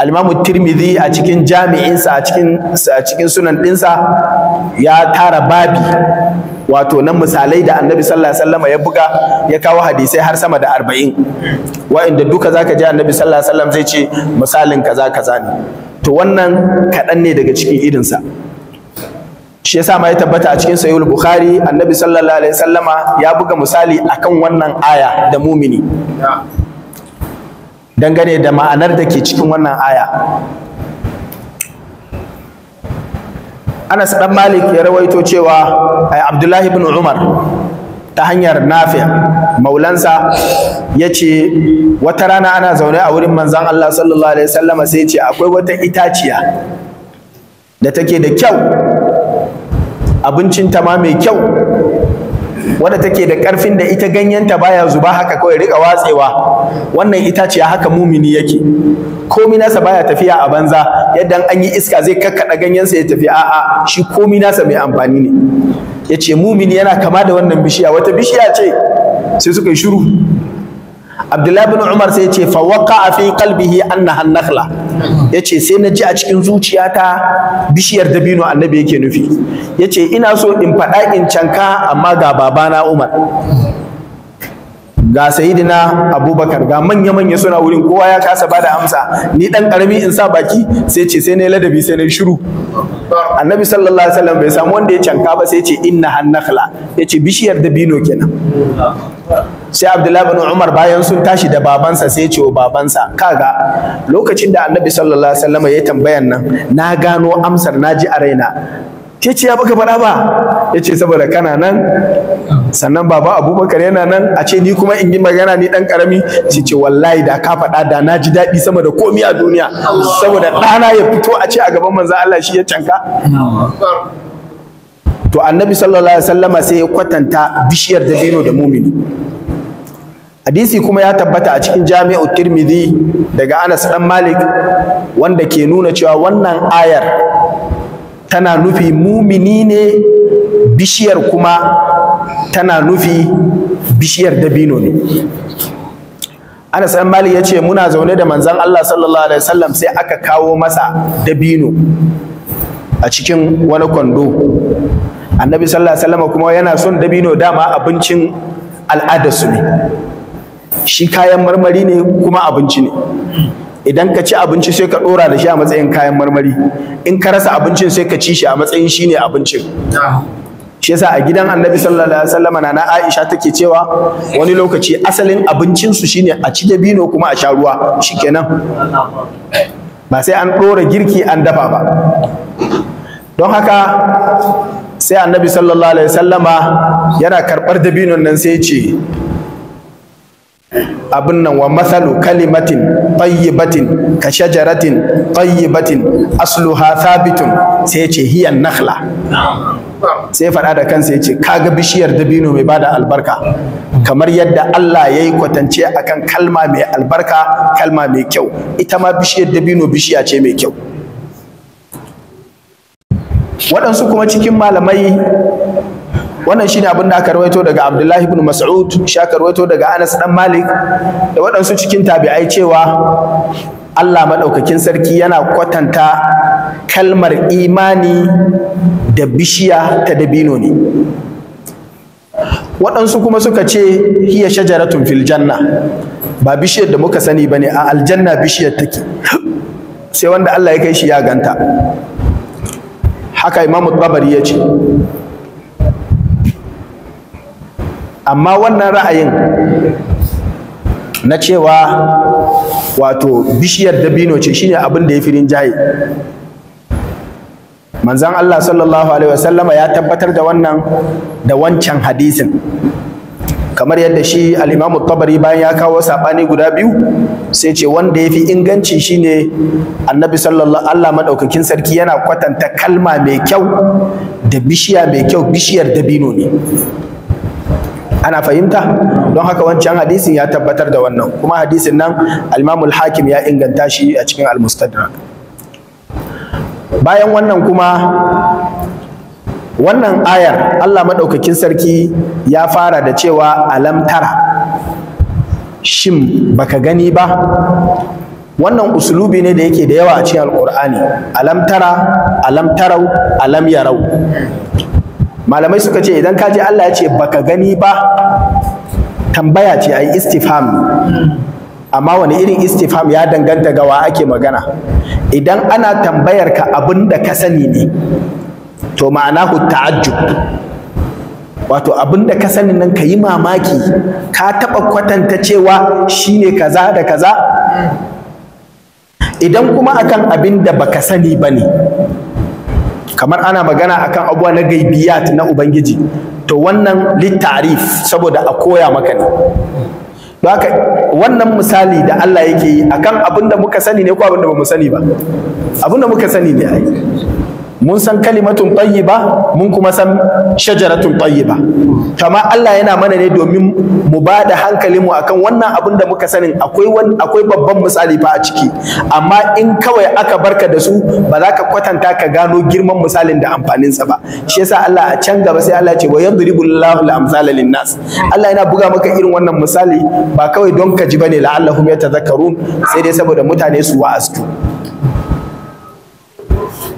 al-imamu tirmidhi a cikin jami'insa a cikin sunan dinsa ya tara babi wato nan misalai da annabi sallallahu alaihi wasallam ya buga ya kawo hadisai har sama da 40 wa'inda duka zaka ji annabi sallallahu alaihi wasallam zai ce misalin kaza kaza ne to wannan kaɗan ne daga cikin irinsa shi yasa ma ya tabbata a cikin sahihul bukhari annabi sallallahu alaihi wasallama ya buga misali akan wannan aya da mumini dangane da ma'anar da ke cikin wannan aya Anas dan Malik ya rawaito cewa ai Abdullahi ibn Umar ta hanyar Nafi' maulansa yace wata rana ana zaune a wurin manzon Allah sallallahu alaihi wasallama sai yace akwai wata itaciya da take da kyau abincin ta ma mai kyau wadda take da ƙarfin da ita ganyenta baya zuba haka kawai rika watsewa wannan itaciya haka mumini yake komi nasa baya tafiya a banza yadda an yi iska zai kakkada ganyensa ya tafi a'a shi komi nasa mai amfani ne yace mumini yana kama da wannan bishiya wata bishiya ce sai suka yi shiru abdullahi bin umar sai ce fa waqa fi qalbihi annaha nakhla yace sai na ji a cikin zuciyata bishiyar dabino annabi yake nufi yace ina so in faɗa in canka amma ga babana umar ga sayidina abubakar ga manya-manya suna wurin kowa ya kasa ba da amsa ni dan karami in sa baki sai ce sai na ladabi sai na shiru annabi sallallahu alaihi wasallam bai samu wanda ya canka ba sai ce inna ya yace bishiyar dabino kenan sai abdullahi bin umar bayan sun tashi da babansa sai ce wa babansa kaga lokacin da annabi sallallahu alaihi wasallam ya tambayan nan na gano amsar naji a raina ke ce ya baka faɗa ba ya ce saboda kana nan sannan baba abubakar yana nan a ce ni kuma in yi magana ni dan karami? ce ce wallahi da ka faɗa da na ji daɗi sama da komi a duniya saboda ɗana ya fito a ce a gaban manzan Allah shi ya canka to annabi sallallahu alaihi wasallama sai ya kwatanta bishiyar dabino da mumini hadisi kuma ya tabbata a cikin jami'u tirmidhi daga anas dan malik wanda ke nuna cewa wannan ayar tana nufi mumini ne bishiyar kuma tana nufi bishiyar dabino ne anas dan malik ya ce muna zaune da manzon allah sallallahu alaihi wasallam sai aka kawo masa dabino a cikin wani kwando annabi sallallahu alaihi wasallam kuma yana son dabino dama abincin al'adarsu ne shi kayan marmari ne kuma abinci ne idan ka ci abinci sai ka dora da shi a matsayin kayan marmari in ka rasa abincin sai ka ci shi a matsayin shi ne abincin shi yasa a gidan annabi sallallahu alaihi na na aisha take cewa wani lokaci asalin abincin su shine a ci dabino kuma a sha ruwa shikenan ba sai an dora girki an dafa ba don haka sai annabi sallallahu alaihi wasallama yana karbar dabinon nan sai ya ce abin nan wa mathalu kalimatin tayyibatin ka shajaratin tayyibatin asluha thabitun sai ce hiyan nakhla sai faɗa da kansa yace kaga bishiyar dabino mai bada albarka kamar yadda Allah ya yi kwatance akan kalma mai albarka kalma mai kyau ita ma bishiyar dabino bishiya ce mai kyau waɗansu kuma cikin malamai wannan shine abin da aka rawaito daga Abdullahi ibn Mas'ud shi aka rawaito daga Anas dan Malik da waɗansu cikin tabi'ai cewa Allah maɗaukakin sarki yana kwatanta kalmar imani da bishiya ta dabino ne waɗansu kuma suka ce hiya shajaratun fil janna ba bishiyar da muka sani bane a aljanna bishiyar take sai wanda Allah ya kai shi ya ganta haka imamu Babari ya ce amma wannan ra'ayin na cewa wato bishiyar dabino ce shine abin da ya fi rinjaye manzan Allah sallallahu alaihi wasallama ya tabbatar da wannan da wancan hadisin kamar yadda shi al'imamu tabari bayan ya kawo sabani guda biyu sai ce wanda ya fi inganci shine annabi sallallahu Allah maɗaukakin sarki yana kwatanta kalma mai kyau da bishiya mai kyau bishiyar dabino ne ana fahimta don haka wancan hadisin ya tabbatar da wannan kuma hadisin nan al hakim ya inganta shi a cikin al-mustadrak bayan wannan kuma wannan ayar Allah maɗaukakin sarki ya fara da cewa alam tara shin baka gani ba wannan usulubi ne da yake da yawa a cikin alƙur'ani alam tara alam tarau alam yarau malamai suka ce idan ka je Allah ya ce baka gani ba tambaya ce ai istifham amma wani irin istifham ya danganta ga wa ake magana idan ana tambayar ka abin da ka sani ne to ma'anahu ta'ajjub wato abin da ka sani nan ka yi mamaki ka taɓa kwatanta cewa shi ne kaza da kaza idan kuma akan abin da baka sani ba ne kamar ana magana akan abuwa na gaibiyat na ubangiji to wannan littarif saboda a koya maka ne haka wannan misali da Allah yake yi akan abin da muka sani ne ko abin da ba mu sani ba abin muka sani ne ai mun san kalimatun ba, mun kuma san shajaratun ba. kama Allah yana mana ne domin mu ba da hankalin mu akan wannan abin da muka sanin akwai babban misali fa a ciki amma in kawai aka barka da su ba za ka kwatanta ka gano girman misalin da amfanin sa ba shi yasa Allah a can gaba sai Allah ce wa yadribu Allahu al-amsala lin-nas Allah yana buga maka irin wannan misali ba kawai don ka ji bane la'allahum yatadhakkarun sai dai saboda mutane su wa'astu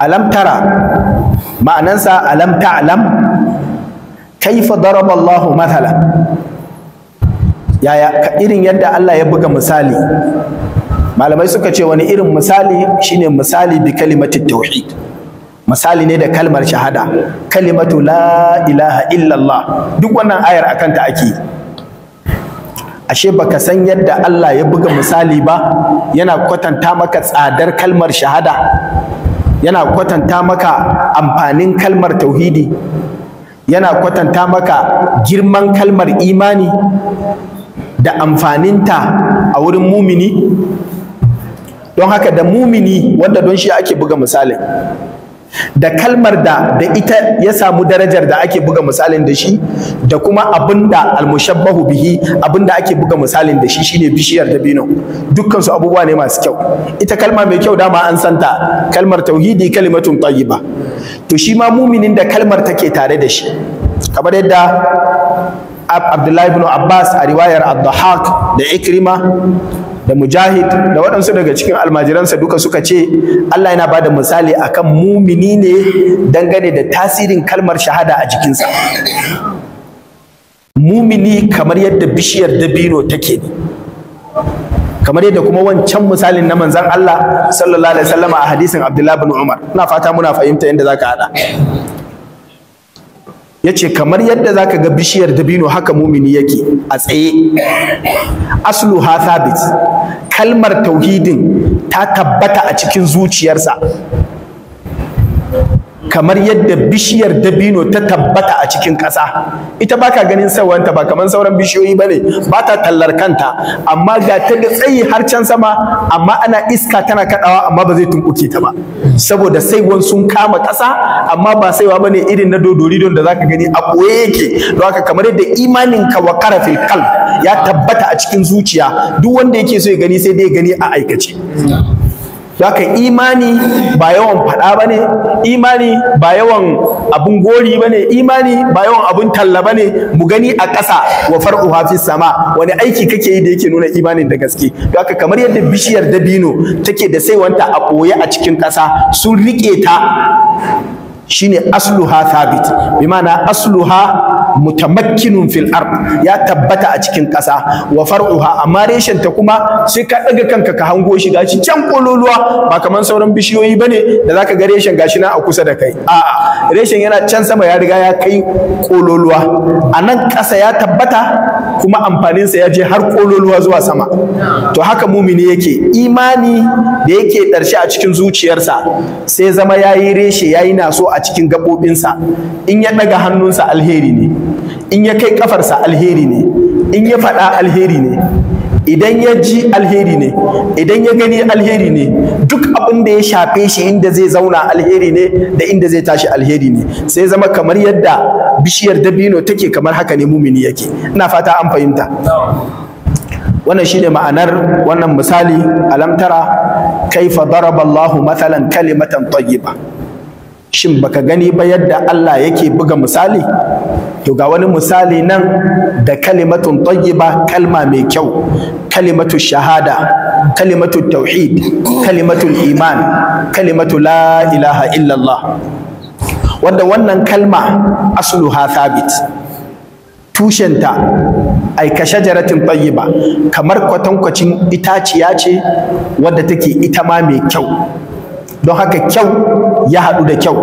alam tara ma'anansa alam ta'lam kaifa daraba Allahu mathala yaya irin yadda Allah ya buga misali malamai suka ce wani irin misali shine misali bi kalimati tauhid misali ne da kalmar shahada kalimatu la ilaha illallah duk wannan ayar akan ta ake ashe baka san yadda Allah ya buga misali ba yana kwatanta maka tsadar kalmar shahada yana kwatanta maka amfanin kalmar tauhidi yana kwatanta maka girman kalmar imani da amfaninta a wurin mumini don haka da mumini wanda don shi ake buga misalin da kalmar da da ita ya samu darajar da ake buga misalin da shi da kuma abin da almushabbahu bihi abin da ake buga misalin da shi shine bishiyar dabino dukkan su abubuwa ne masu kyau ita kalma mai kyau dama an santa kalmar tauhidi kalimatun tayyiba to shi ma muminin da kalmar take tare da shi kamar yadda Abdullahi ibn Abbas a riwayar ad da Ikrima da mujahid da waɗansu daga cikin almajiransa duka suka ce Allah yana bada misali akan mumini ne dangane da tasirin kalmar shahada a jikinsa mumini kamar yadda bishiyar dabino take ne kamar yadda kuma wancan misalin na manzan Allah sallallahu alaihi wasallam a hadisin Abdullah bin Umar ina fata muna fahimta yadda zaka hada yace kamar yadda zaka ga bishiyar dabino haka mumini yake a tsaye ha thabit kalmar tauhidin ta tabbata a cikin zuciyarsa kamar yadda bishiyar dabino ta tabbata a cikin ƙasa ita baka ganin sawanta ba kamar sauran bishiyoyi bane ba ta tallar kanta amma ga ta da tsayi har can sama amma ana iska tana kaɗawa, amma ba zai tumbuke ta ba saboda saiwan sun kama ƙasa amma ba saiwa bane irin na dodori don da zaka gani a koye yake don haka kamar yadda imanin ka wa karafil kal ya tabbata a cikin zuciya duk wanda yake so ya gani sai dai gani a aikace haka imani ba yawan faɗa ba ne imani ba yawan abun gori ba ne imani ba yawan abun talla ba ne mu gani a ƙasa wa far'u hafi sama wani aiki kake yi da yake nuna imanin da gaske haka kamar yadda bishiyar dabino take da saiwanta a ɓoye a cikin ƙasa sun riƙe ta shine asluha thabit bi ma'ana asluha mutamakkinun fil ard ya tabbata a cikin ƙasa wa far'uha amma reshen ta kuma sai ka ɗaga kanka ka hango shi gashi can kololuwa ba kaman sauran bishiyoyi bane da zaka ga reshen gashi na a kusa da kai a'a reshen yana can sama ya riga ya kai kololuwa a nan ƙasa ya tabbata kuma amfanin sa ya je har kololuwa zuwa sama to haka mumini yake imani da yake ɗarshe a cikin zuciyarsa sai zama yayi reshe yayi naso a a cikin gaɓoɓinsa in ya ɗaga hannunsa alheri ne in ya kai ƙafarsa alheri ne in ya faɗa alheri ne idan ya ji alheri ne idan ya gani alheri ne duk abin da ya shafe shi inda zai zauna alheri ne da inda zai tashi alheri ne sai zama kamar yadda bishiyar dabino take kamar haka ne mumini yake ina fata an fahimta wannan shine ma'anar wannan misali alamtara kaifa daraballahu mathalan kalimatan tayyiba shin baka gani ba yadda Allah yake buga misali to ga wani misali nan da kalimatun tayyiba kalma mai kyau kalimatu shahada kalimatu tauhid kalimatu iman kalimatu la ilaha illallah wanda wannan kalma asluha thabit tushenta ai ka shajaratin tayyiba kamar kwatankwacin itaciya ce wadda take ita ma mai kyau don haka kyau ya haɗu da kyau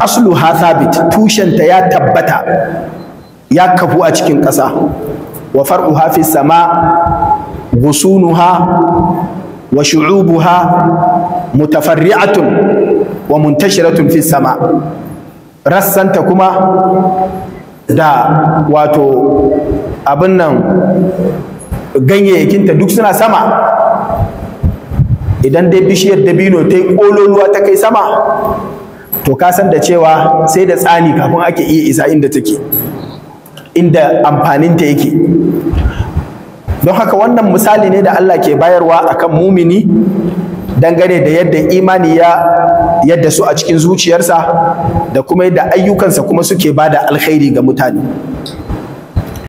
aslu ha sabit tushenta ya tabbata ya kafu a cikin ƙasa wa far'u fi sama gusunuha wa shu'ubuha mutafarri'atun wa muntashiratun fi sama rassanta kuma da wato abin nan ganyayyakinta duk suna sama idan dai bishiyar dabino ta yi ƙololuwa ta kai sama to ka san da cewa sai da tsani kafin ake iya isa inda take inda amfaninta yake don haka wannan misali ne da Allah ke bayarwa akan mumini dangane da yadda imani ya yadda su a cikin zuciyarsa da kuma yadda ayyukansa kuma suke bada alkhairi ga mutane